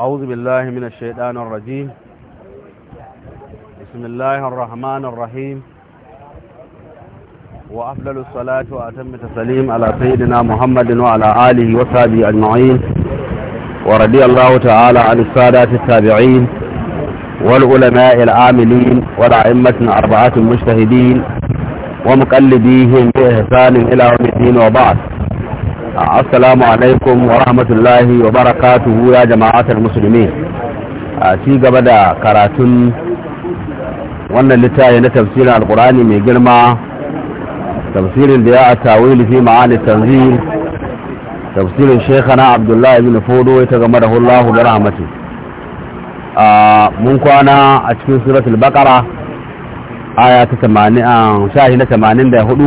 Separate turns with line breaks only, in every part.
أعوذ بالله من الشيطان الرجيم بسم الله الرحمن الرحيم وأفضل الصلاة وأتم
التسليم على سيدنا محمد وعلى آله وصحبه أجمعين ورضي الله تعالى عن السادات التابعين والعلماء العاملين والأئمة الأربعة المجتهدين ومقلديهم بإحسان إلى يوم الدين وبعد assalamu alaikum wa rahmatullahi wa barakatuhu ya jama'atar musulmi a ci gaba da karatun wannan littafi na tafsirin alkurani mai girma tafsirin da ya a tawili fi ma'ani tafsirin shekana abdullahi bin fodo ya ta game da hullahu da rahmatu mun kwana a cikin suratul bakara aya ta 84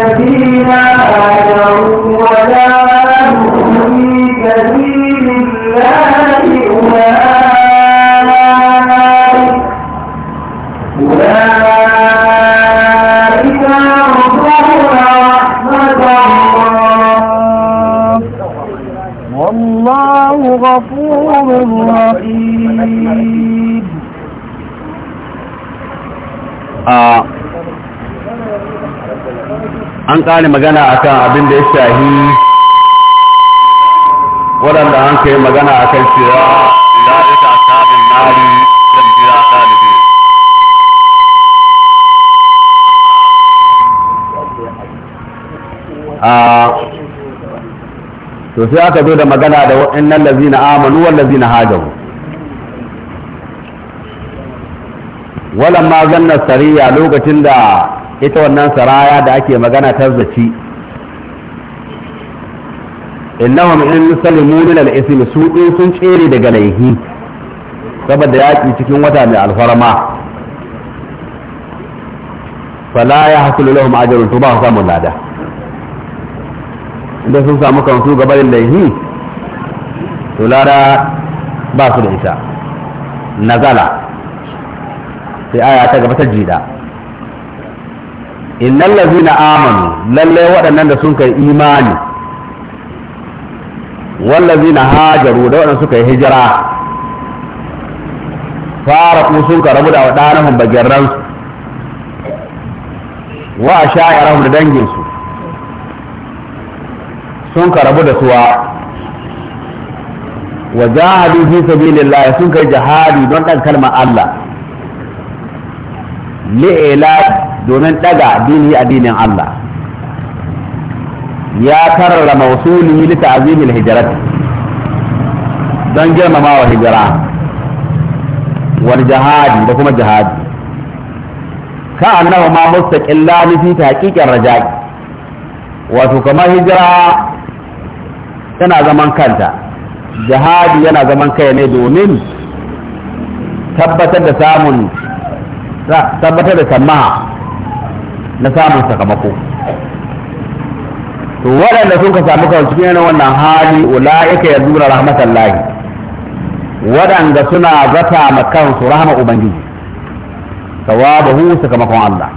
mun kare magana akan abin da ya shahi
waɗanda an kai magana akan cewa ila ita asabin nari zan jira talibi
a to sai aka zo da magana da wa'annan lazina amanu wal lazina hajaru walamma zanna sariya lokacin da ita wannan saraya da ake magana ta zaci innahum in salimu min al-ism su sun tsere daga laihi saboda yaki cikin wata mai alfarma fala ya hakulu lahum ajrun to ba samu lada inda sun samu kansu gabarin laihi to lada ba su da ita nazala sai aya ta gaba ta jida innal ladina amanu lallai waɗannan da sun kai imani wal ladina hajaru da waɗanda suka yi hijira fara ku sun karabu da wadanahum bagirran wa a asha'irahum da danginsu su sun karabu da suwa wa jahadu fi sabilillah sun kai jihadi don dan kalmar Allah li'ila domin daga dini addinin Allah ya karara mausuli li ta'zimil hijrat don girmama wa hijira wal jihadi da kuma jihadi ka annahu ma mustaqillan fi tahqiqir raja'i wato kamar hijira tana zaman kanta jihadi yana zaman kai ne domin tabbatar da samun tabbatar da na samun sakamako to waɗanda sun ka samu kawai cikin yana wannan hali ula'ika ya zura rahmatan lahi waɗanda suna zata ma kansu rahama ubangiji sawabahu sakamakon Allah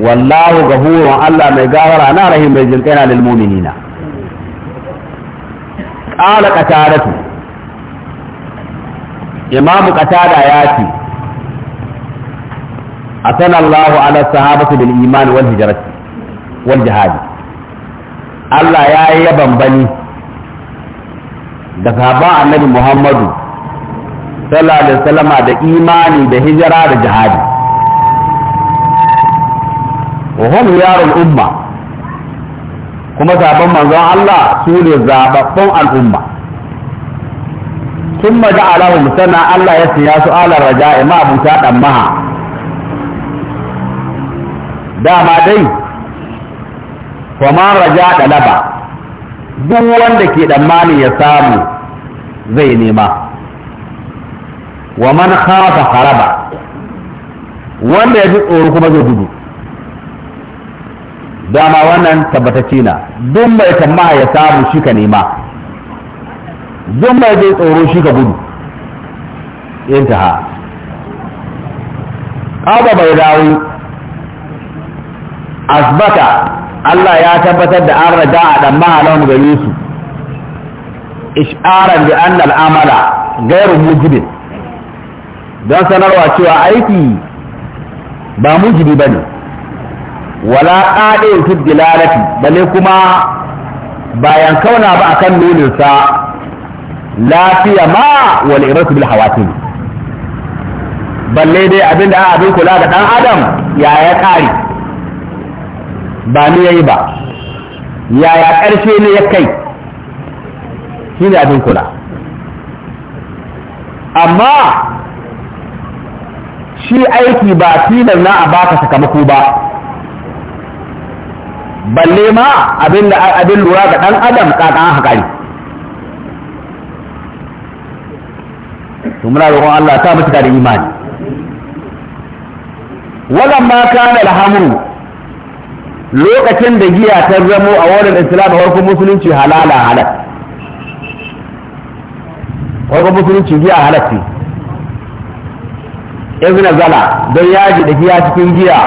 wallahu gafurun Allah mai gawara na rahim mai jin kaina lil mu'minina qala qatadatu imamu qatada ya ce أثنى الله على الصحابة بالإيمان والهجرة والجهاد الله يا يبن بني da sahaba annabi Muhammadu sallallahu alaihi wasallama da imani da hijira da jihadi wa hum yarul umma kuma sahabban manzon Allah su ne zababbun al'umma ثم جعلهم سنة الله يسيا سؤال الرجاء ما أبو dan maha. dama dai kuma raja ɗalaba duk wanda ke tsammani ya samu zai nema wa man khafa haraba wanda ya ji tsoro kuma zai gudu dama wannan tabbatacce na duk mai tamaha ya samu shi ka nema duk mai zai tsoro shi ka gudu intaha ƙaba bai dawo asbata Allah ya tabbatar da an raja a ɗan mahalon gare su isharan da an al'amala
gairu mujibin
don sanarwa cewa aiki ba mujibi ba ne wala ƙaɗe su dilalati bale kuma bayan kauna ba akan nuninsa lafiya ma wani iratu bil hawatin balle dai abinda abin kula da dan adam ya ya ba ni yi ba yaya ƙarfe ne ya kai shi ne abin kula amma shi aiki ba filin na a baka sakamako ba balle ma abin da abin lura ga ɗan adam ƙaƙan haƙari to muna roƙon Allah ta mutu da imani wannan ma kana alhamdu lokacin da giya ta zamo a wurin islam a farkon musulunci halala halal farkon musulunci giya halal ce izina zala don yaji da giya cikin giya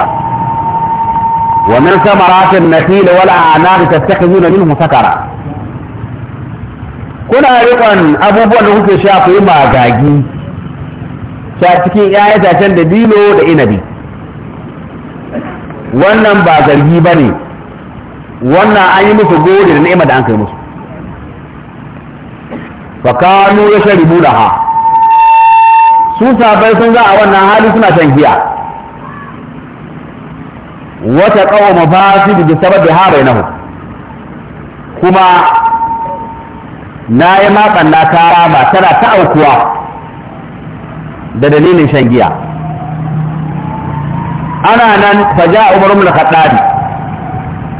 wa min samaratin nakhil wal a'naq tattakhizuna
minhu sakara kuna rikon abubuwan da kuke sha ku yi magagi ta cikin 'ya'ya da dilo da inabi wannan ba zargi ba ne wannan an yi musu gode da ni'ima da an kai musu fakanu ya sharibu da ha su sabai sun za a wannan hali suna shan giya wata kawo mafasid da sabab da harai nahu kuma na yi matsan na kara ba tana ta aukuwa da dalilin shan giya ana nan ja umar ibn khattabi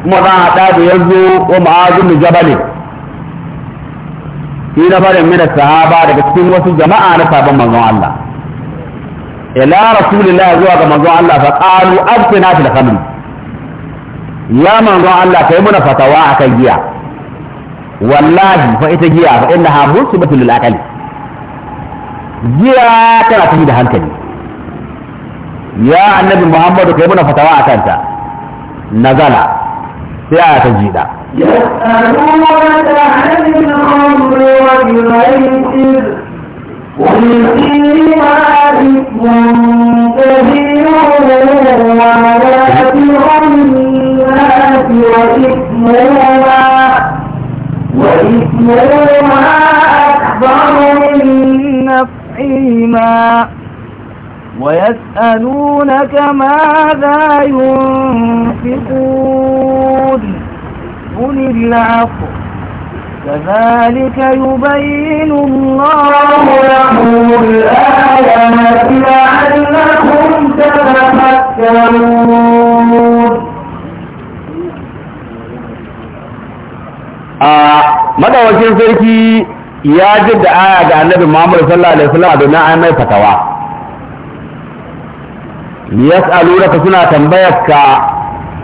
kuma dan da yanzu wa mu'az ibn jabal shi na barin mina sahaba daga cikin wasu jama'a na sabon manzon Allah ila rasulullahi zuwa ga manzon Allah fa qalu abtina fil khamr ya manzon Allah kai muna fatawa akan giya wallahi fa ita giya fa innaha musibatul lil aqli giya tana tafi da hankali يا النبي محمد كيف نفتوى أكانتا نزل في آية الجيدة
يسألونك عن الخمر والميسر قل فيهما إثم كبير ومناكر للناس أكبر من نفعهما ويسألونك ماذا ينفقون قل العفو كذلك يبين الله لهم الآيات لعلهم تتفكرون
madawacin sarki ya jaddada aya ga annabi Muhammad sallallahu alaihi wasallam domin ai mai fatawa yas'alunaka suna tambayarka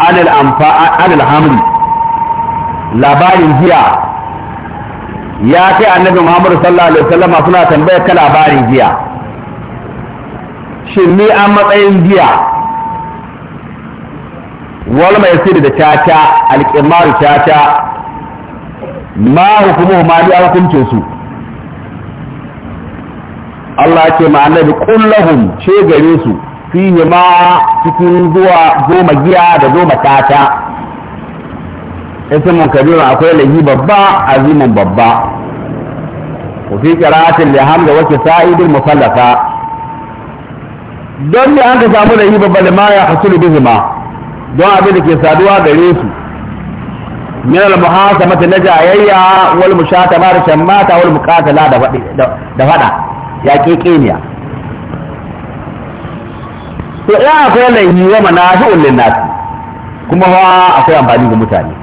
anil amfa anil hamri labarin jiya ya ce annabi Muhammad sallallahu alaihi wasallam suna tambayar ka labarin jiya shin ni an matsayin jiya wal mai sirri da tata alqimaru tata ma hukumu ma da hukuncin su Allah ya ce ma annabi kullahum ce gare su fihi ma cikin zuwa goma giya da goma tata mun kabiru akwai lahi babba azimin babba da قراءة wace وكسائد musallaka don ne an ka samu da babba da ma ya hasulu bihima don abin da ke saduwa gare su min al muhasamati na jayayya wal mushatama da shammata wal muqatala da fada ya kekeniya to ya akwai laihi wa ulin nasi kuma fa akwai amfani ga mutane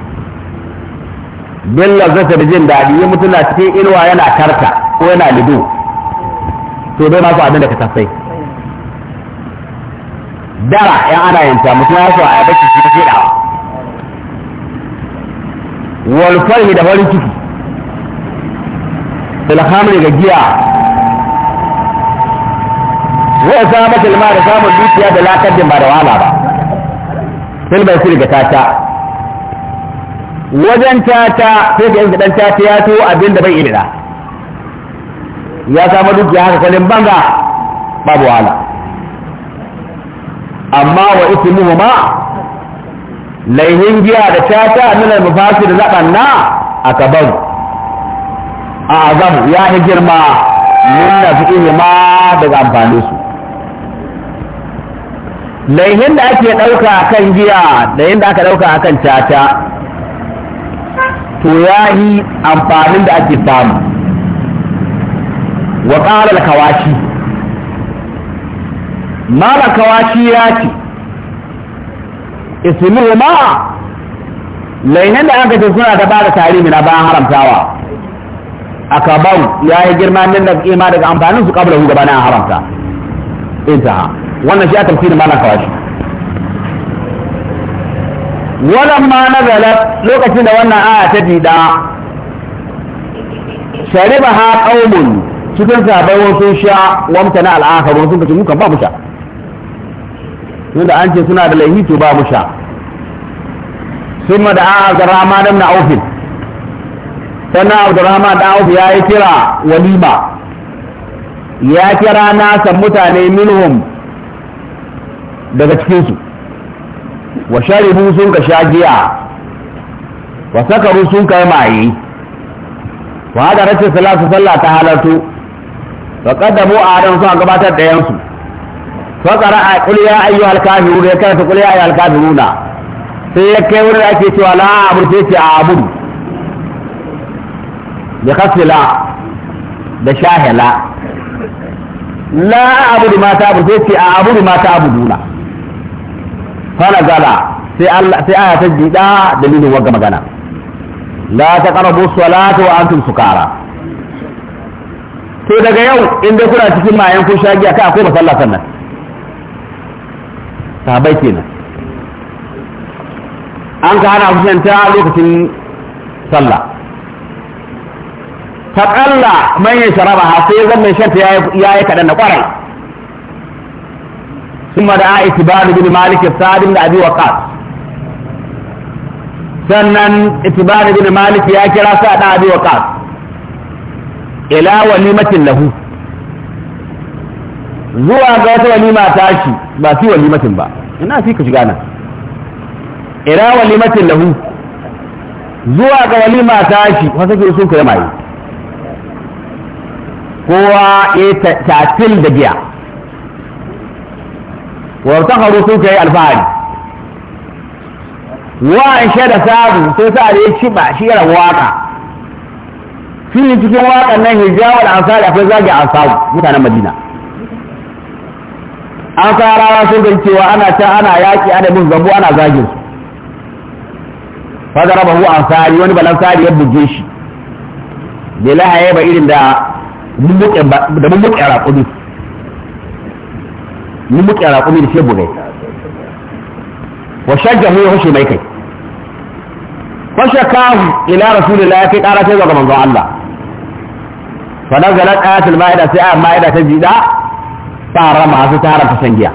billa zata da jin daɗi ya mutu na cikin ilwa yana karta ko yana lido to bai su abin da ka tafai dara yan ana yanta mutum ya so a yabar ciki ta shedawa wal farhi da farin ciki da hamri ga giya wa usama tilma da samun dukiya da lakaddin ba da wahala ba silbar sirri ga tata wajen tata sai ga yanzu dan tata ya to abin da bai irina ya samu dukiya haka kalin banga babu wahala amma wa ma, laihin giya da tata min al-mufasir zabanna akabar a azam ya hi girma min nafihi ma daga amfani su laihin da ake ɗauka a kan giya da yadda aka ɗauka a kan caca to ya yi amfanin da ake samu wa ƙarar kawashi mara kawashi ya ce ismihu ma laihin da aka ce suna da ba da tarihi na bayan haramtawa a kaban ya yi girma nan da ima daga amfanin su kabla hu gaba na haramta intaha wannan shi a tafsirin malam kawashi na nazala lokacin da wannan aya ta dida shariba ha qaumun cikin sahabbai wasu sha wamtana al'akharu sun kace muka ba mu sha tunda an ce suna da laihi to ba mu sha summa da Abdurrahman ibn Auf sannan Abdurrahman da Auf ya yi kira walima ya kira nasan mutane minhum daga cikinsu wa sharibu sun ka sha giya wa sakaru sun ka maye wa hada rashin salatu sallah ta halartu wa a adam sun gabatar da yansu fa qara'a qul ya ayyuhal kafirun ya karanta qul ya ayyuhal kafiruna sai ya kai wurin ake cewa la abur sai ce abur bi khasila da shahila la abur ma ta abur sai ce abur ma ta abuduna fana gala sai Allah sai aya ta jida dalilin wagga magana la ta taqrabu salata wa antum sukara to daga yau in dai kuna cikin mayan kun sha giya kai akwai masalla sannan sahabbai kenan an ka hana kusan ta lokacin sallah faƙalla man ya sharaba ha sai zan mai shanta ya yi kaɗan na ƙwarai ثم دعا اتبار بن مالك السعد بن وقاص sannan itibari bin malik ya kira sa da abi waqas ila walimatin lahu zuwa ga wata ta shi ba fi walimatin ba ina fi ka shiga nan ila walimatin lahu zuwa ga walima ta shi wasu ke kowa ya tatil da giya wartaharu sun kai alfahari wa an da sabu sai sa da ya ci ba shi yara waka filin cikin wakan nan hijawa da ansari akwai zagi ansaru mutanen madina an sarawa sun gani cewa ana can ana yaƙi ana bin zabo ana zagin su fadara bahu ansari wani sari ya buge shi bai lahaye ba irin da mummuƙin raƙumi Mun muke raƙumi da shebu gai wa shajja mu ya hushe mai kai fashe kahu ila rasulullah ya kai ƙara sai ga manzon Allah fa nan galan ayatul ma'ida sai ayat ma'ida ta jida tara masu tara ta sangiya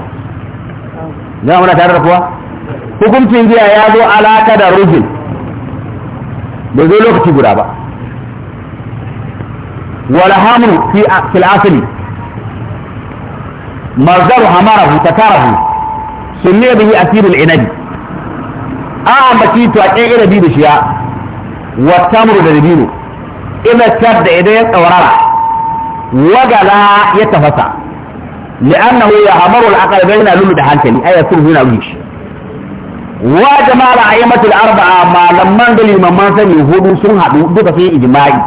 zama muna tare da kuwa hukuncin giya ya zo alaka da rujin bai zo lokaci guda ba wala hamru fi fil asli mazdaru hamarahu takarahu sunne bihi asirin inabi a ambaci to a ƙin inabi da shiya wa tamru da dabino idan tar idan ya tsawarara wagala ya tafasa li'annahu ya hamaru al'aqal bayna lulu da hankali ay yasuru yana ruhi wa jama'a ayyamatul arba'a malaman da limaman sani hudu sun haɗu duka sun ijma'i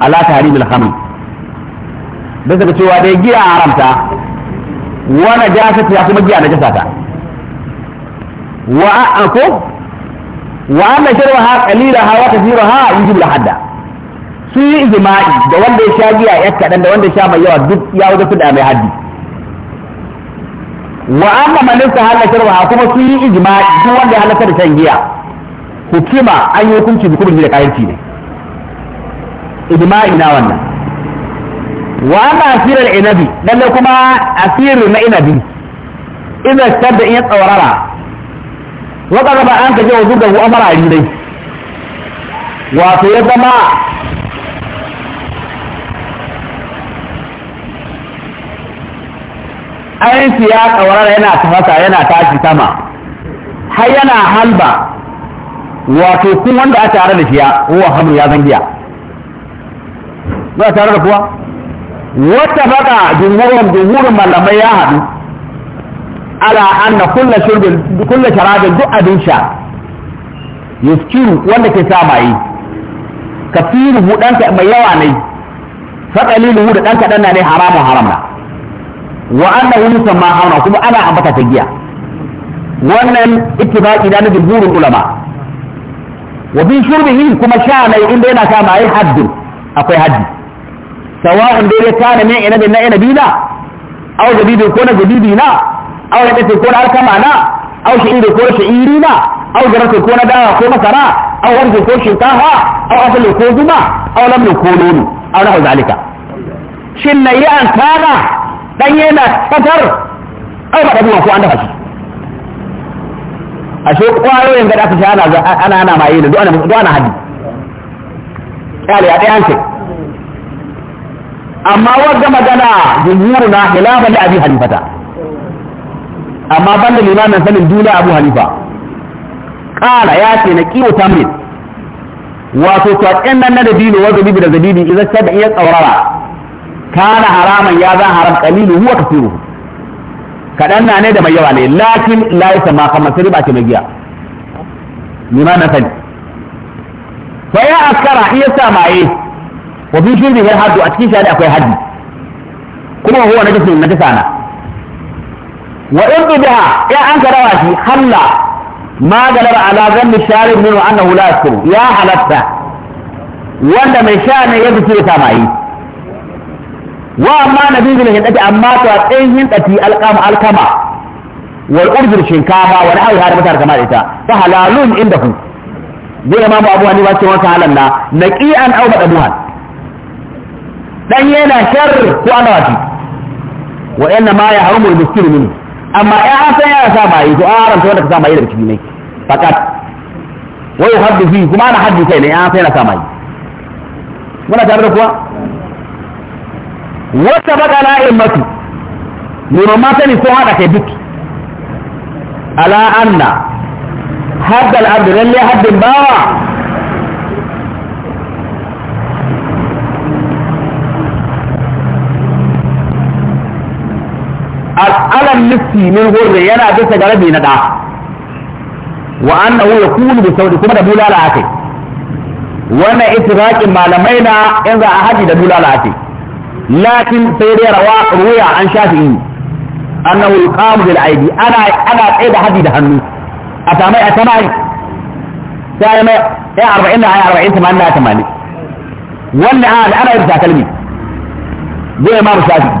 ala bisa ga cewa dai giya haramta wa najasa ta kuma giya jasa ta wa ko wa kalila ha wata shirwa ha yujibu al-hadda su yi izimai da wanda ya sha giya ya kadan da wanda ya sha mai yawa duk ya wuce da mai haddi wa an anna na shirwa ha kuma su yi izimai su wanda ya halaka da shan giya hukuma an yi hukunci hukumin da kayan ne ijma'i na wannan wa amma asirar inabi lalle kuma asirin na inabi Ina tabda da ya tsawarara wa ba an ka je wa zuga amara dai wato ya zama ainihi ya tsawarara yana tafasa yana tashi sama har yana halba wato kun wanda a tare da shi ya wa hamu ya zangiya ba tare da kuwa wata baka jumhurin jumhurin malamai ya haɗu ala anna kulla shurbin kulla sharabin duk abin sha yaskiru wanda ke sa maye kafiru ɗanka mai yawa ne faɗalilu da ɗanka ɗan ne haramun haramna wa annahu musamma haramna kuma ana ambata ta giya wannan ittifaqi da na jumhurin ulama wa bi shurbihi kuma sha mai inda yana sa maye haddin akwai haddi sawa'un dai ya tare ne ina bin na ina bina aw zabibi ko na zabibi na aw ya dace ko na alkama na aw shi'iri ko na shi'iri na aw garaka ko na dawa ko masara aw wanda ko shinkafa aw asali ko zuma aw lamni ko nono aw rahu zalika shin na yi an kana dan yana fatar aw ba dabuwa ko an dafa shi ashe kwayoyin da aka sha ana ana ana maye ne duk ana duk ana hadi kyale a dai an ce amma wadda magana jumhuru na khilafa da abi halifata amma banda limamin sanin duniya abu halifa kala ya ce na kiwo tamrin wato tsakken nan na dabibi wa zabibi da zabibi idan sai da iya tsaurara kana haraman ya za haram qalilu huwa kathiru kadan na ne da mai yawa ne lakin la yasma kamar sai ba ce limamin sani fa ya akara iya samaye wa bi shirbi wal haddu a cikin shari akwai haddi kuma huwa na jisun na wa in bi biha ya an karawa shi halla ma galar ala zanni shari min wa annahu la yaskuru ya halatta wanda mai sha ne ya zuke ya samayi wa amma nabi zai hindati amma to a tsayin hindati alkama alkama wal shinkafa wa na'awi har mutar kama ita fa halalun indahu zai imamu abu hanifa cewa halan na naqi'an aw madabuhan dan yana shar ko ana wati wa inna ma ya harumul muskir min amma ya asa ya sa mai to an haramta wanda ka sa mai daga ciki ne fakat wa yuhaddu kuma ana haddi kai ne ya asa yana sa mai muna tare da kuwa wata baka la'in matu nuran mata ne sun hada kai duk ala anna haddal abdu lalle haddin bawa ولم نسي من غر ينا بس جربي ندعى وأنه يكون بسوري كما دبولا لاتي وانا اتراك ما لمينا انذا احدي دبولا لاتي لكن سيدي روا رويا عن شافعي انه يقام بالعيدي انا انا ايد احدي دهنو اتامي اتامي سالمي اي اربعين اي اربعين ثمان لا اتماني إيه وانا انا ارسا كلمي دي امام شافعي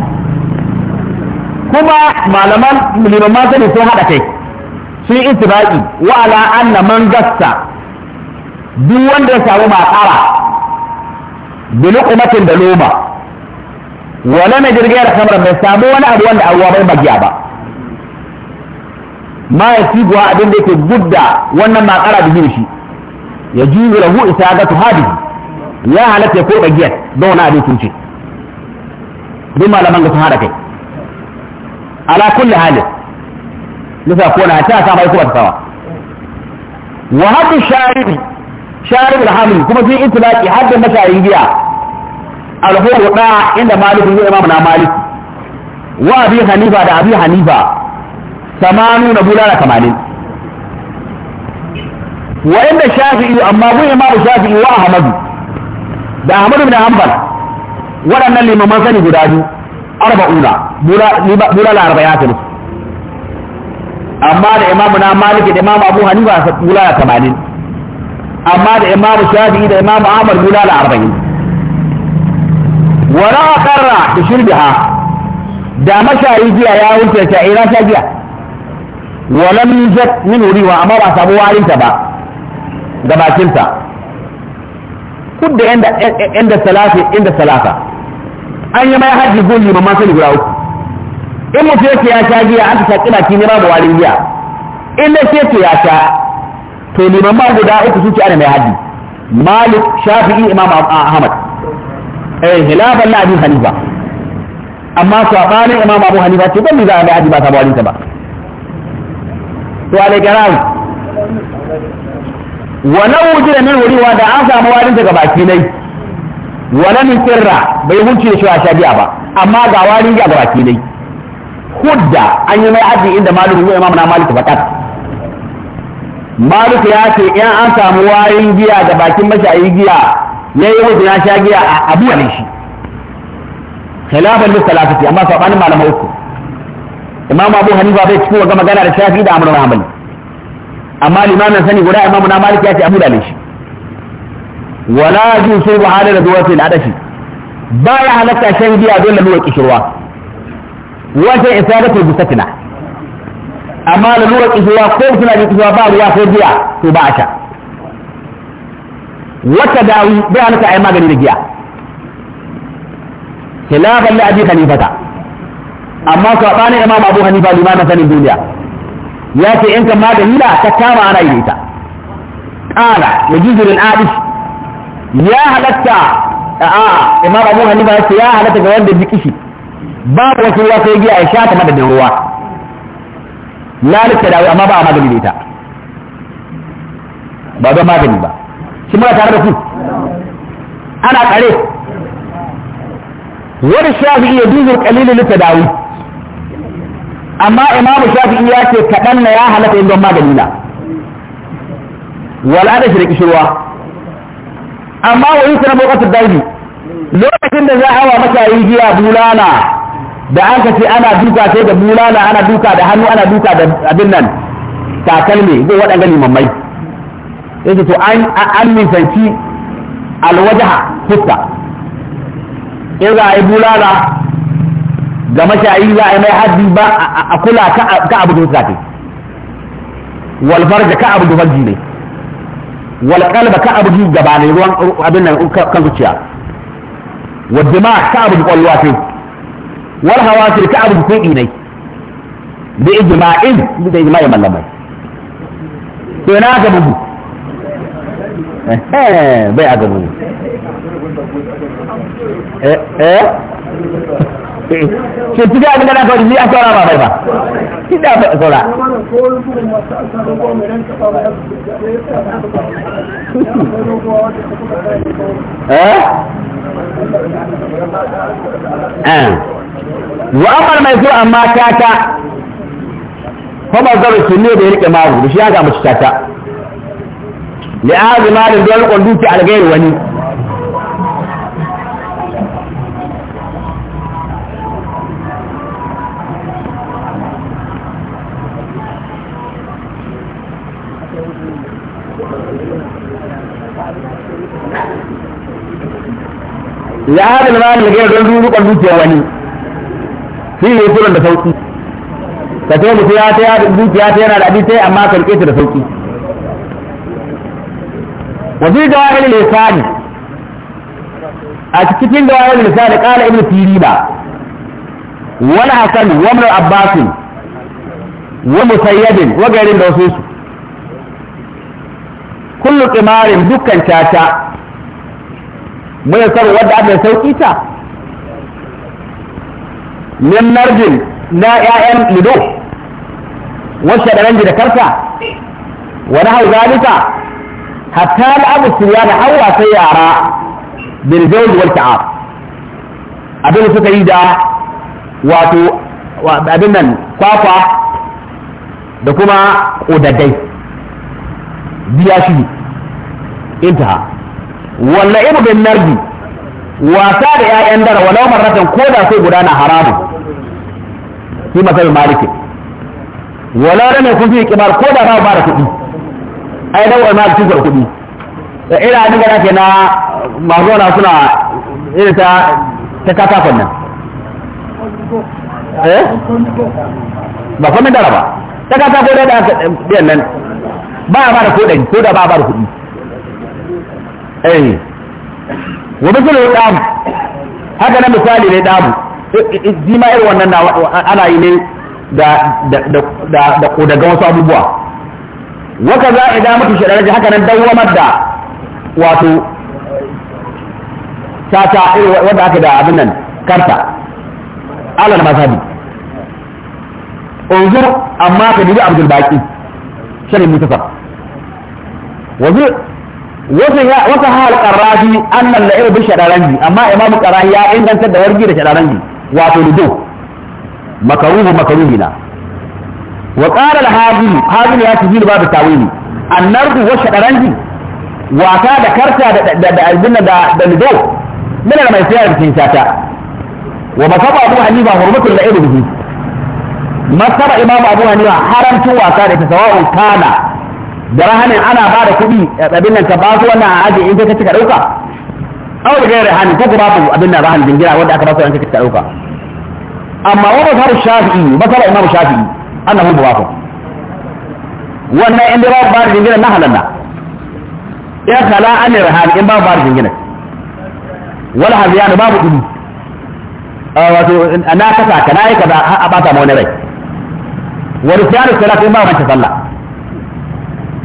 kuma malaman ma sani sun haɗa kai sun itibaki wa ala anna man gassa duk wanda ya samu matsara bi luqmatin da loma wala na jirgiyar kamar bai samu wani abu wanda abuwa bai bagiya ba ma ya siguwa abin da yake gudda wannan matsara da zuwa shi ya juzu lahu isa ga tuhadihi ya halatta ko koɗa giyar don wani abin sun duk malaman ga sun haɗa kai ala kulli halin nufa ko na ta sama ko ba ta sama wa hadu sharibi sharib alhamil kuma sai itlaqi hadda mashayin giya alhuru da inda malikin ya imamu na maliki wa abi hanifa da abi hanifa samanu na bulala tamanin wa inda shafi'i amma gun imamu shafi'i wa ahmadu da ahmadu bin hanbal waɗannan limaman sani guda biyu arba'una bulala arba ya musu amma da imamu na maliki da imamu abu hanifa bulala tamanin amma da imamu shafi'i da imamu ahmad bulala karra da da mashayi jiya ya wuce ta ira sha jiya walam zat min amma ba samu warinta ba da bakinta kudda inda inda inda an yi mai hajji gun limaman sani guda uku in mutu yake ya sha giya an ta kina kini ma buwari warin giya in na ce ya sha to limaman guda uku sun ce ana mai haji malik shafi'i imam ahmad eh hilafan na abin hanifa amma sabanin imam abu hanifa ce ban mi za a mai haji ba samu warin ta ba to alaikaram wa lawu jira min wuri wa da an samu warin ta ga baki nai wala min sirra bai da shi a shabiya ba amma ga ya ga baki dai hudda an yi mai aji inda maliku ko imam na maliku fakat maliku ya ce in an samu wayin giya da bakin mashayi giya ya yi wuce na sha giya a abu ne shi khilafan lissa lafiya amma sabanin malamai uku imam abu hanifa bai cikin wa magana da shafi da amurna hamali amma limamin sani guda imam na malik ya ce abu da ne shi wala ju su ba hada da duwatsu da adashi ba ya halatta shan giya don lalurar kishirwa wata isa da turbi satina amma da lura kishirwa ko suna jin kishirwa ba ruwa ko giya to ba a sha wata dawi bai halatta a yi magani da giya khilafan li abi hanifata amma sabanin imam abu hanifa limamin sanin duniya ya ce in kan magani da ta kama ana yi ita qala yajuzu lil ya halatta a'a imam abu hanifa ya ce ya halatta ga wanda ji kishi babu wasu ruwa sai giya ya sha ta madadin ruwa lalata da amma ba a magani da ita ba don magani ba shi muna tare da su ana kare wani shafi'i ya duzur kalilin lita dawo amma imamu shafi'i ya ce kaɗan na ya halatta yin don magani na da shi da kishirwa amma wa yi sanar bukatu dalbi lokacin da za a hawa mashayi giya bulala da an ka ce ana duka sai da bulala ana duka da hannu ana duka da abin nan takalmi ko waɗanda limammai yake to an an nisanci alwajaha fuska in za a yi bulala ga mashayi za a yi mai haddi ba a kula ka abu da fuska ce walfarja ka abu da farji ne wal qalba ka abu ne ruwan abin nan kan zuciya wa dima ka abu kwalwa ce wal hawasir ka abu kudi dinai bi ijma'in bi ijma'i malamai to na ga bugu eh bai ga bugu eh eh ce tuga eh, eh? da na kawai ni tsara ba bai ba
kiɗa ba wa'amar
eh? eh. mai zuwa amma ta
kuma zarar su ne da ya rike mawu da shi ya ga mace ta ta li'azi malin dole rikon duki algairu wani da adal malin da gairar don rukan dukiyar wani shi ne kuran da sauki ka ce mutu ya ta yada dukiya ta yana da abin sai amma ka rike ta da sauki wasu jawahir lisani a cikin jawahir lisani kala ibnu sirina wani hasan Wani ibnu abbasin wa musayyadin wa gairin da wasu su kullu qimarin dukkan caca mai sarwa wadda aka sauki ta min marjin na 'ya'yan ido wasu da da karsa wani hau zalika hatta al'abu ya da hawa sai yara birjauji wal ta'ab abin suka yi da wato abin nan kwakwa da kuma odaddai biya shi intaha walla ibu bin nardi wasa da ƴaƴan dara walau marratan ko da sai guda na haramun fi masal maliki wala da ne kun fi kibar ko da ba da kuɗi ai da wani maliki da kuɗi da ina abin da ke na mazona suna irin ta ta katakon nan eh ba kuma dara ba ta katakon da aka biyan nan ba a ba da kuɗi ko da ba ba da kuɗi eh wa bisul dam haka na misali ne dam shi eh, eh, ma irin wannan ana yi ne da da daga wasu abubuwa waka wa kaza idan mutu shirarji haka nan dawamar da wato tata wadda aka da abin nan karta alal mazhabi unzur amma ka dubi abdul baqi shari mutafar wanzu wata hal qarrafi annal la'ib bi shadaranji amma imamu qarrafi ya inganta da wargi da shadaranji wato ludo makaruhu makaruhi na wa qala al-hafiz hafiz ya tijil babu tawili annardu wa shadaranji wata da karta da da albinna da da ludo min mai sayar da cikin sata. wa masaba abu hanifa hurmatul la'ib bihi masaba imamu abu hanifa haramcin wasa da ta sawa'un kana da rahanin ana ba da kuɗi abin nan ka ba su wannan a ajiye in ka cika ɗauka aw da gairi hani ko ba abin nan rahanin jingira wanda aka ba su an cika ɗauka amma wa ba sabu shafi'i ba sabu imamu shafi'i annahu ba ku wannan in ba ba da jingira na halanna ya kala an rahani in ba ba da jingira wala haziyanu babu kuɗi ah, wato na kasa na yi kaza a bata ma wani rai wani siyanu salatu in ba wancan sallah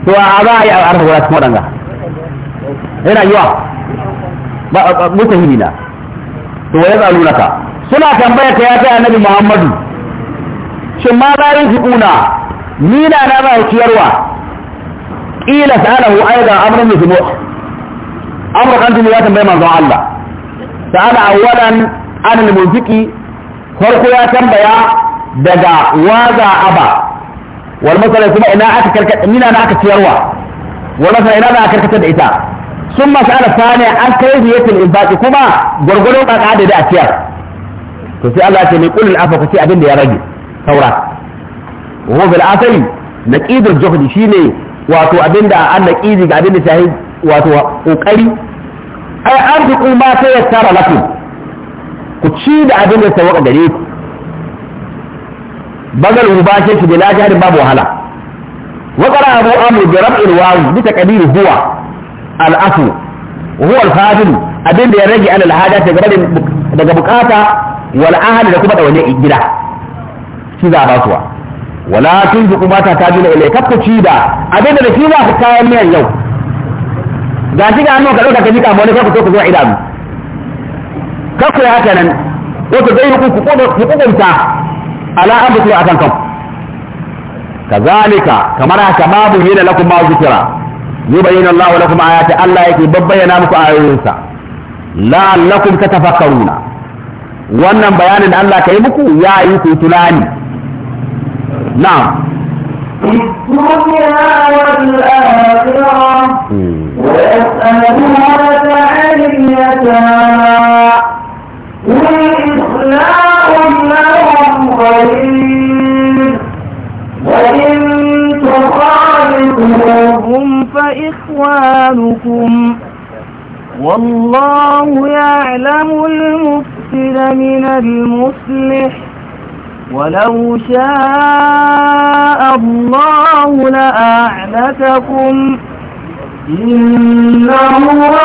to a za a yi arha guda cikin waɗanga yana yiwa ba mutahimi na to wa ya yazalu naka suna tambaya ka ya kai annabi Muhammadu shin ma za yin fiquna ni na na ba ciyarwa qila sa'alahu aida amrun bi mu amru kan tuni ya tambaya manzon Allah sa'ala awwalan an al-munfiqi farko ya tambaya daga waza aba wal masala kuma ina aka karkata mina na aka ciyarwa wal masala ina na aka karkata da ita sun masala sani an kai riyatul infaqi kuma gurgurun kaka da da a ciyar to sai Allah ya ce ni qul afa kace abin da ya rage saura wa bil asali naqidul juhdi shine wato abinda an naqidi ga abinda shahi wato kokari ai an fi kuma sai ya tara lakum ku ci da abinda da waka gare ku badal mubashir ki bila jahrin babu wahala wa qara abu amr bi rab'il waw bi taqdir huwa al afu huwa al fadil abin da ya rage alal hada daga daga bukata wal ahli da kuma da wani gida shi za ba suwa wala ta ma tajuna ilay kafku ci da abin da shi za ka kayan miyan yau ga shi ga hannu ka ɗauka ka jika mu ne kafku ku zuwa idanu kafku ya haka nan wato dai ku ku ku ku ala an bukuru akan kan kazalika kamar haka ma bayyana lakum ma zikra yubayyana Allah lakum ayati Allah yake babbayana muku ayoyinsa la'allakum tatafakkaruna wannan bayanin da Allah kai muku ya yi ku tunani na'am
الدنيا والآخرة ويسألونك والله يعلم المفسد من المصلح ولو شاء الله لأعنتكم إن الله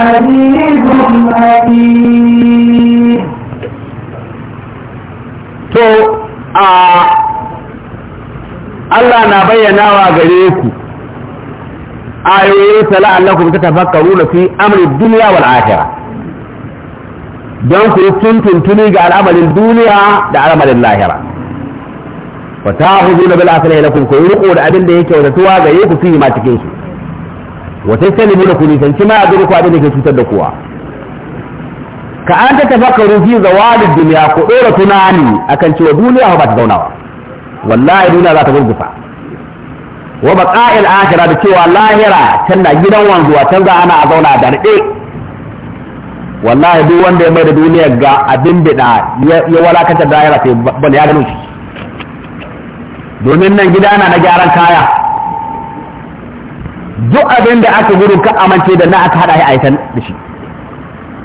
عزيز حكيم to
a Allah na bayyana wa gare ku ayoyin sa la'allakum tatafakkaruna fi amri dunya wal akhirah don ku tuntuntuni ga al'amarin duniya da al'amarin lahira wa ta'khuduna bil asli lakum ku ruqu da abin da yake wadatuwa ga ku fi ma cikin su wa tastalimuna ku nisanci ma ku abin da ke cutar da kuwa, ka an ta tafakkaru fi zawalid dunya ku dora tunani akan cewa duniya ba ta zaunawa wallahi duniya za ta gurgufa wa baqa'il akhirah da cewa lahira can na gidan wanzuwa can za ana a zauna darɗe wallahi duk wanda ya mai da duniya ga abin bida ya walakanta lahira sai bane ya gano shi domin nan gida na na gyaran kaya duk abin da aka gudu ka amince da na aka hada ya a da shi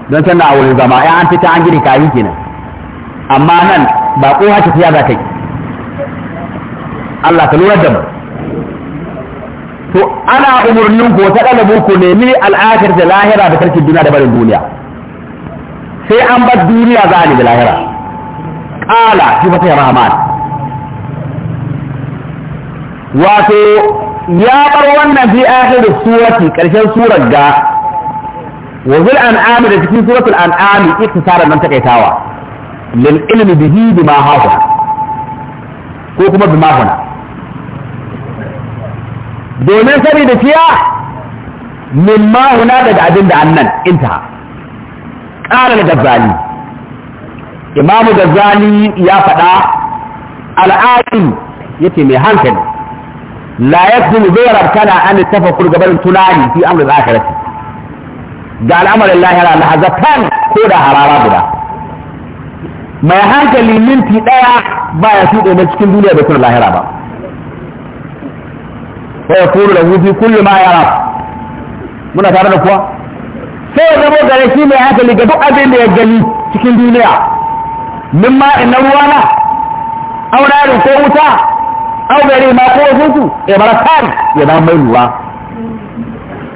don na a wurin zama ya an fita an gini kayi kenan amma nan ba kowa tafiya za ta yi Allah ka lura da mu to ana umarnin ku ta ɗalabu ku nemi al'akar da lahira da sarkin duniya da barin duniya sai an bar duniya za a nemi lahira ƙala shi fata rahman wato ya bar wannan fi akhir surati karshen surar ga wa zul an'am da cikin suratul an'am iktisara nan takaitawa lil ilmi bihi bima hafa ko kuma bima huna domin saboda ciya min mahuna daga abin da annan inta ƙara da gazzali imamu gazzali ya faɗa al'adun yake mai hankali la ya zuru zai rabtana an tafakur gabarin tunani fi amur da aka ga al'amarin lahira na hazatan ko da harara guda mai hankali minti ɗaya ba ya shuɗe na cikin duniya bai kuna lahira ba wa yakunu lahu fi kulli ma yara muna tare da kuwa sai ya zama gare shi mai hankali ga duk abin da ya gani cikin duniya min ma inna ruwana aw narin ko wuta aw gari ma ko hutu ya bara tari ya zama mai ruwa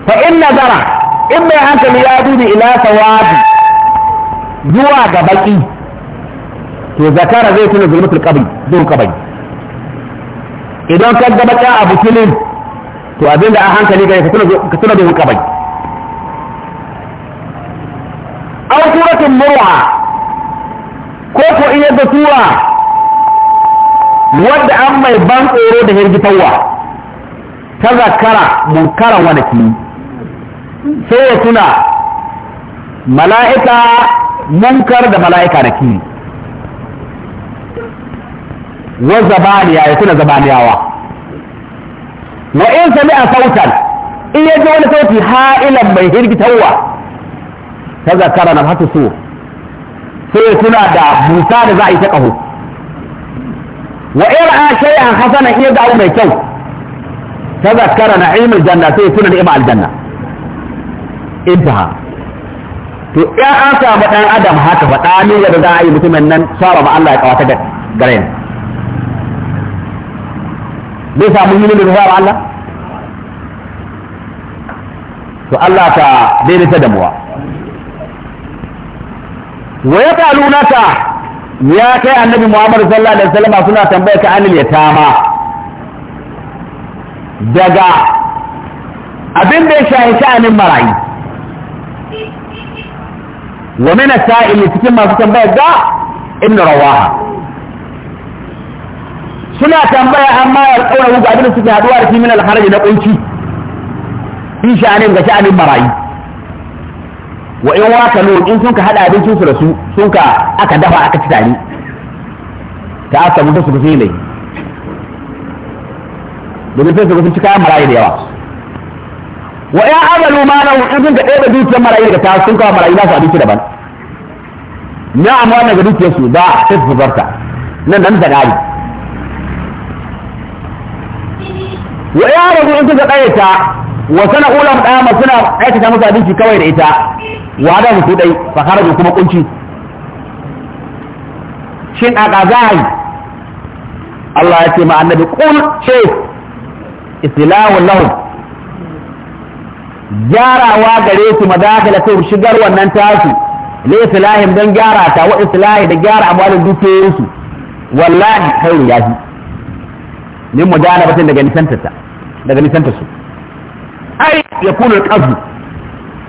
fa in nazara in mai hankali ya dubi ila sawabi zuwa ga baki to zakara zai tuna zulmatul qabri don qabri idan ka gaba ta abu kilin to abinda a hankali gare ka tuna da kabari aw suratun murwa ko ko iya da tura wadda an mai ban tsoro da hirgitarwa ta zakara munkara wani kini sai ya tuna mala'ika munkar da mala'ika da kini wa zabaniya ya tuna zabaniyawa wa in a sautan in yaji wani sauti ha'ilan mai hirgitarwa ta zakara na hatu so sai suna da busa da za a yi ta ƙaho wa in ra'a a hasana iya ga mai kyau ta zakara na ilmin janna sai suna ni'ima aljanna intaha to ya an samu dan adam haka faɗa ne yadda za a yi mutumin nan sara ma Allah ya kawata gare ni zai samu yini da zuwa Allah to Allah ka daidaita muwa. wa ya ka ya kai annabi Muhammad sallallahu alaihi wasallam suna tambaya ka anil yatama daga abin da ya shahi sha'anin marayi wa mina sa'ili cikin masu tambaya ga inna rawaha suna tambaya amma ya tsaura muku abin da suke haduwa da min alharaji na kunci sha ne, ga sha'anin marayi wa in lo in sun ka hada abincin su da su sun ka aka dafa aka ci tare ta aka mutu su kusa ne domin sai su sun ci kayan marayi da yawa wa ya amalu ma lahu in sun ka ɗaya dukiyar marayi daga ta sun kawo marayi za su abinci daban na amma wannan ga dukiyar su ba sai su zarta nan nan da gari wa yaruhu in suka tsayata wa sana ulam dama suna aikata musu abinci kawai da ita wa da su dai fa haraju kuma kunci shin a gazai Allah ya ce ma annabi qul ce islahu lahum gyarawa gare su madakala sai shigar wannan tasu le islahim don gyara ta wa islahi da gyara amalin dukiyoyinsu wallahi khairu yafi min mujalabatin daga nisantarta daga nisanta su ai ya kuna kazu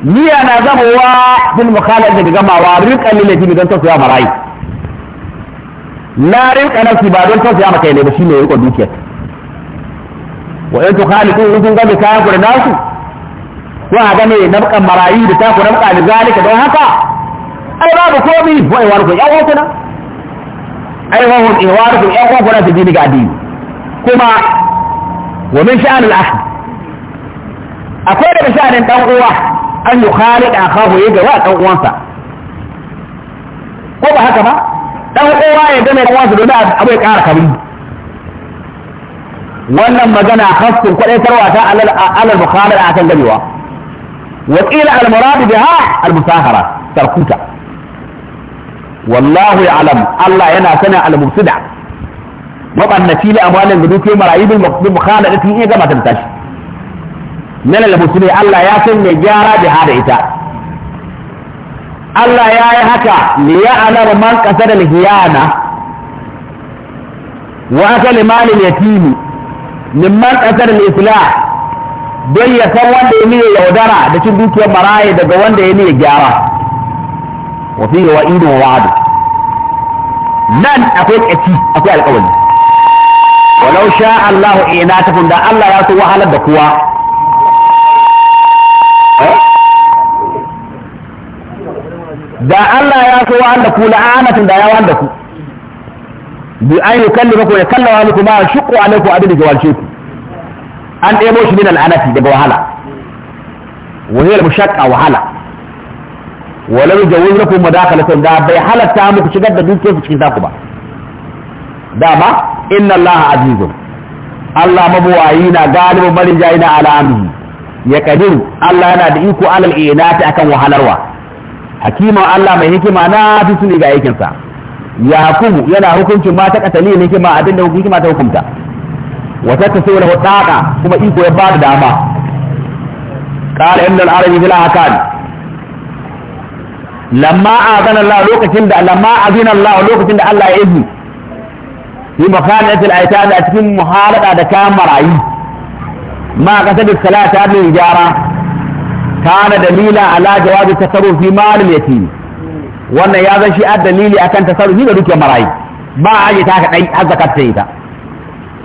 niyya na zamowa bil mukhala da gamawa rinka lillahi don tausaya marayi na rinka nafsi ba don tausaya maka ne ba shi ne rikon dukiyar wa in tukhaliqu in kun gabe kayan ku da nasu ko a game nabkan marayi da taku nabka da zalika don haka ai babu komi wa ai warku ya warku na ai wa hum ihwarukum ya warku na ga addini kuma ومن شأن الأخذ أكون بشأن الأخوة أن يخالق أخاه يجوات أخوانسا قوة هكذا الأخوة يجمع أخوانسا بما أبوك أعرف لي ولما جنى خصف كل إيسر وعشاء على المخالق أعسان جميعا وقيل على المراد بها المساهرة تركوتا والله يعلم الله ينا سنع المبسدع mabannati li amwalin da dukiyoyin marayu bil maqsud mukhalafati in ya gama ta tashi nan la musulmi Allah ya san me gyara da hada ita Allah ya yi haka li ya'lam man qasada al hiyana wa akal mal al yatim man qasada al islah don ya san wanda ya niyya yaudara da cin dukiyar maraye daga wanda ya niyya gyara wa fihi wa'idu wa wa'adu nan akwai ƙaci akwai alƙawari
walau sha Allahu ina ta da Allah ya so wahalar da kowa
eh? da Allah ya so wahalar da ku la'anatin da ya wahalar da ku bi an yi kalli mako ya kallawa muku ma shuku alaiku abin da gawalce ku an ɗebo shi min al'anati daga wahala wahiyar mushakka wahala walau jawaz lakum mudakhalatan da bai halatta muku shigar da dukiyar cikin taku ba ba, inna Allah azizun Allah mabuwayi na galibin barin jayi na al'amri ya kadiru Allah yana da iko alal inati akan wahalarwa hakiman Allah mai hikima na fi suni ga aikinsa ya hukumu yana hukuncin mata ta katali ne hikima abinda hikima ta hukunta wata ta sai wani kuma iko ya ba da dama قال ابن العربي في الأحكام lamma azana Allah lokacin da lamma azina Allah lokacin da Allah ya izini fi mafanatil aitan a cikin muhalada da kayan marayi ma kasar salata da gyara kana dalila ala jawabi tasarrufi malil yatim wannan ya zan shi a dalili akan tasarrufi da dukiyar marayi ba a aje ta ka dai har zakat ta ita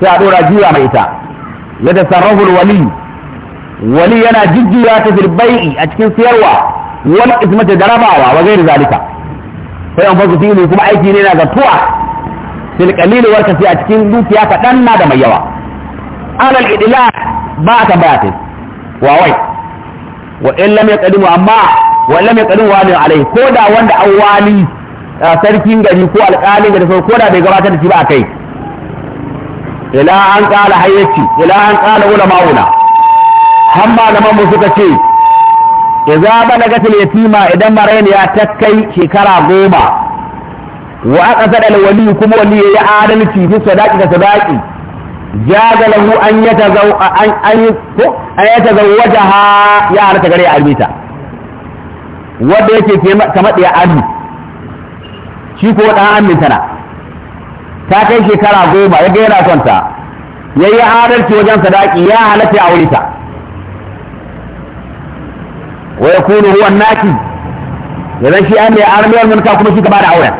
sai a dora jura mai ita ya tasarrufu wali wali yana jijjiya ta fil bai'i a cikin siyarwa Wani ismata da rabawa wa gairi zalika sai an fasu fili kuma aiki ne na zartuwa fil qalil wal kasi a cikin dukiya kaɗan na da mai yawa alal idla ba a tambaya ta wa wai wa in lam yaqdimu amma wa lam yaqdimu wali alai ko da wanda an wali sarkin gari ko alƙalin gari ko da bai gabatar da shi ba a kai ila an ƙala hayyaci ila an ƙala ulama'una Hamma da mu suka ce ya idza balagatil yatima idan marainiya ta kai shekara goma wa aka sada wani kuma wani ya yi adalci fi sadaki da sadaki jaga lahu an ya an an ko an ya tazawwaja ha ya harta gare ya arbita wanda yake kamar da arbi shi ko dan amin tana ta kai shekara goma ya gaira kwanta ya yi adalci wajen sadaki ya halatta aure ta ويكون هو الناكي لذلك شيء أمي أرمي المنكا وكما شيء كبار عورة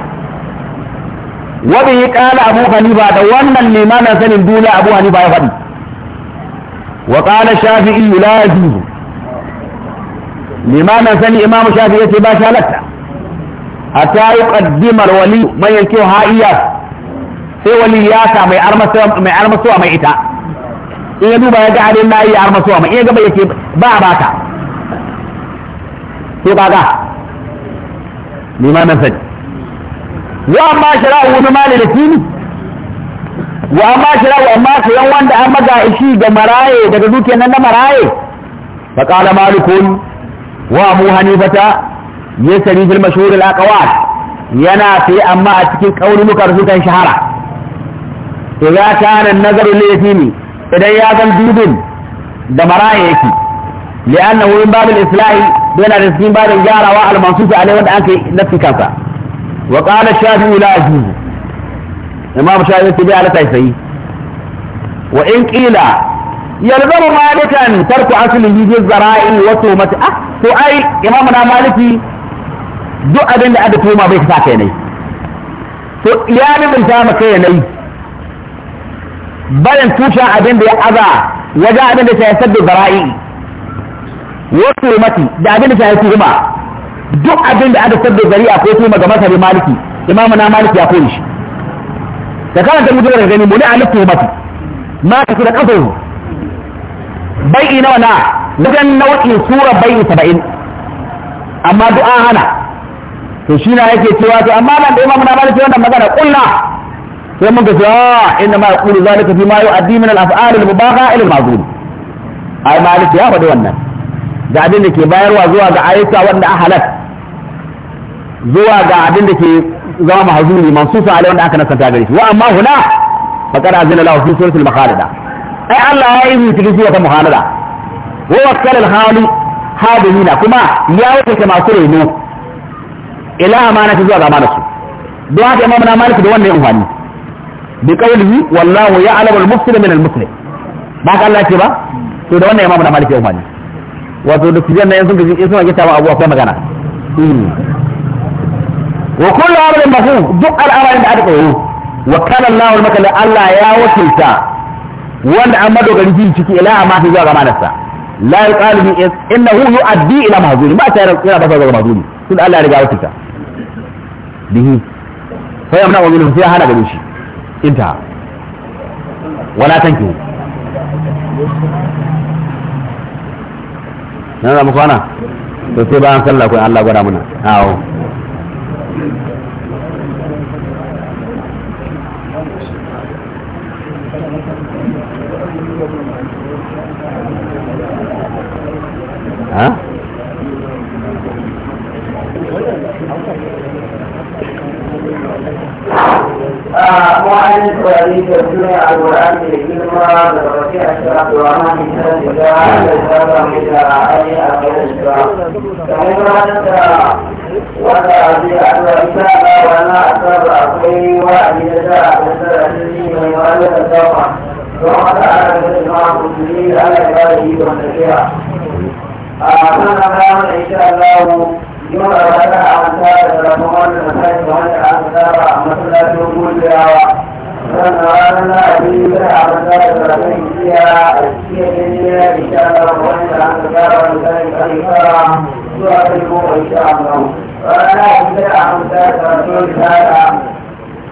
وبه قال أبو خنيفة دوانا الإمام سن دون أبو خنيفة يفضل وقال الشافعي لا يجوز الإمام سن إمام الشافعي سباشا لك حتى يقدم الولي من يلكيو هائيا سي ولياتا مي أرمسوا مي أرمسوا مي إتا إيه دوبا يجعل الله يأرمسوا مي إيه قبل يكيب باباتا با sai kaga limanin sai wa amma shira'u wani mali da fili wa amma shira'u amma sayan wanda an maga ishi ga maraye daga dukiyar na maraye fa qala malikun wa mu hanifata yasri fil mashhur al aqwal yana fi amma a cikin kauluka su kan shahara idza kana an-nazaru lil yatimi idan ya zan dubin da maraye yake li'annahu min babil islahi yana da cikin babin gyarawa al a alai wanda aka nafi kansa wa qala shafi'u la yajuz imam shafi'u tabi ala taisai wa in qila yalzamu malikan tarku aslihi bi zara'i wa tumati ah to ai imam na maliki duk abin da aka tuma sa kai ne to ya ni bin ta bayan ya aza wajen ta zara'i wato mati da abin da ta yi ba duk abin da aka sabbe gari a ko kuma ga masari maliki imamu na maliki ya koyi shi da karanta mutum da gani muni alif mati ma ta da kafaru bai'i nawa na wajen nau'in sura bai'i saba'in amma duk an hana to shi na yake cewa to amma nan da imamu na maliki wannan magana kulla sai mun ga cewa ah, inna ma yaqulu zalika fi ma yu'addi min al-af'al al-mubaha ila al-ma'zur ai maliki ya faɗi wannan ga abin da ke bayarwa zuwa ga ayyuka wanda a halal zuwa ga abin da ke zama mahzuni mansusa alai wanda aka nasanta gare shi wa amma huna faqad azina lahu fi suratul makhalida ai Allah ya yi mutunci wata muhalada wa wakkala al-hali hadimina kuma ya wuce masu reno ila amana zuwa ga amana su don haka imam na maliki da wannan umfani bi qawlihi wallahu ya'lamu al-muslim min al-muslim ba ka Allah ce ba to da wannan imam na maliki umfani wato da su nan sun gaji in suna gita ma abu akwai magana hmm. wa kullu amrin mafhum duk al'amarin da aka koyo wa kana Allahu al-makal Allah ya wakilta wanda an madogari jin ciki ila amma ta zuwa gamanarsa la yuqalu bi innahu yu'addi ila mahzuni ba ta yana ba zuwa mahzuni tun Allah ya riga wakilta bihi fa yamna wa minhu sai hana gare shi inta wala tankihu na zama kwana to sai bayan sallah ko Allah gwada muna awo
ha آه، معلم وليد الدنيا القرآن الكلمة في أشرف وعمان الشرف جاء
الشرف إلى أي أخر الشرف فمرة وتعزي أدوى إسابة وما أصاب أخي وأبي جزاء أسر أسري من ولد الدوحة الإمام المسلمين على عباده ومسيحه
أعطانا إن شاء الله ثم بدأ أن كان رمضان المساجد وأن أنكر مثل وجودها
فنرى أبي أن كان فيها الشيخ إن شاء الله وأن أنكر مثل أنكر يعرف إن شاء الله ولا يبدأ أن كان رسول هذا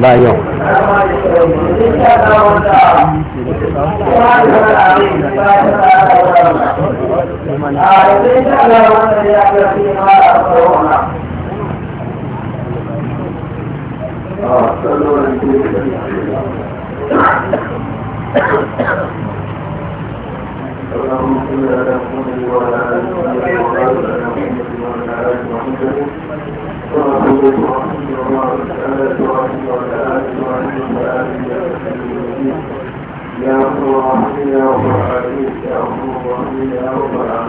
لا يوم
Thank you. ya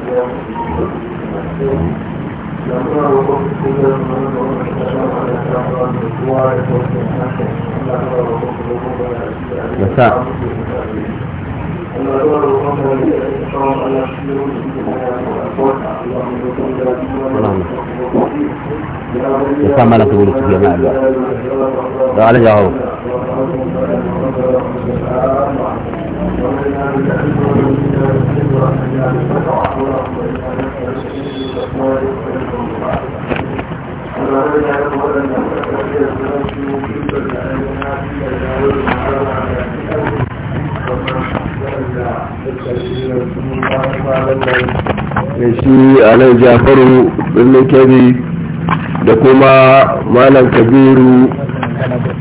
Thank you. مساء مساء ما لا تقول فيها مع الوقت لا على جاهو Thank you. da
shi alai jafaru birnin kebbi da kuma malam kabiru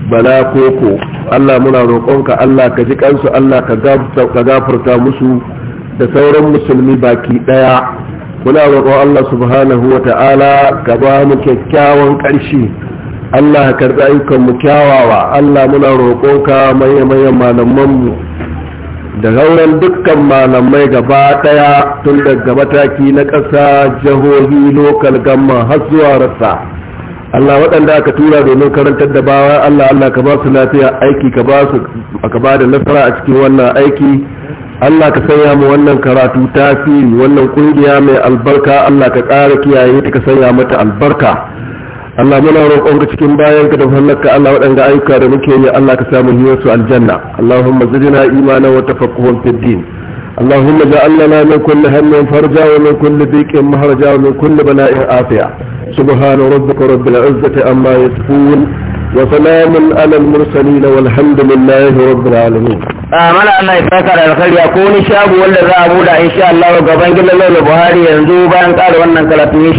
bala koko allah muna roƙonka allah ka ji kansu allah ka gafarta musu da sauran musulmi baki ɗaya muna roƙon Allah subhanahu wa ta'ala ka ba mu kyakkyawan ƙarshe Allah ka karɓi ayyukan mu kyawawa Allah muna roƙon ka maye maye malaman mu da sauran dukkan malamai gaba ɗaya tun daga mataki na ƙasa jihohi lokal gamma har zuwa rasa Allah waɗanda aka tura domin karantar da bawa Allah Allah ka ba su lafiya aiki ka ba su ka ba da nasara a cikin wannan aiki Allah ka sanya mu wannan karatu tasiri wannan kungiya mai albarka Allah ka ƙara kiyaye ta ka sanya mata albarka Allah muna roƙonka cikin bayan ka da fannaka Allah waɗanda ayyuka da muke yi Allah ka samu niyyar su aljanna Allahumma zidna imana wa tafaqquhan fid din اللهم اجعل لنا من كل هم فرجا ومن كل ضيق مهرجا ومن كل بلاء عافية سبحان ربك رب العزة عما يصفون وسلام على المرسلين والحمد لله رب العالمين mana Allah ya saka da alkhairi a ko wani shago wanda za a buɗe insha Allah gaban gidan Lawal Buhari yanzu bayan ƙara wannan karatu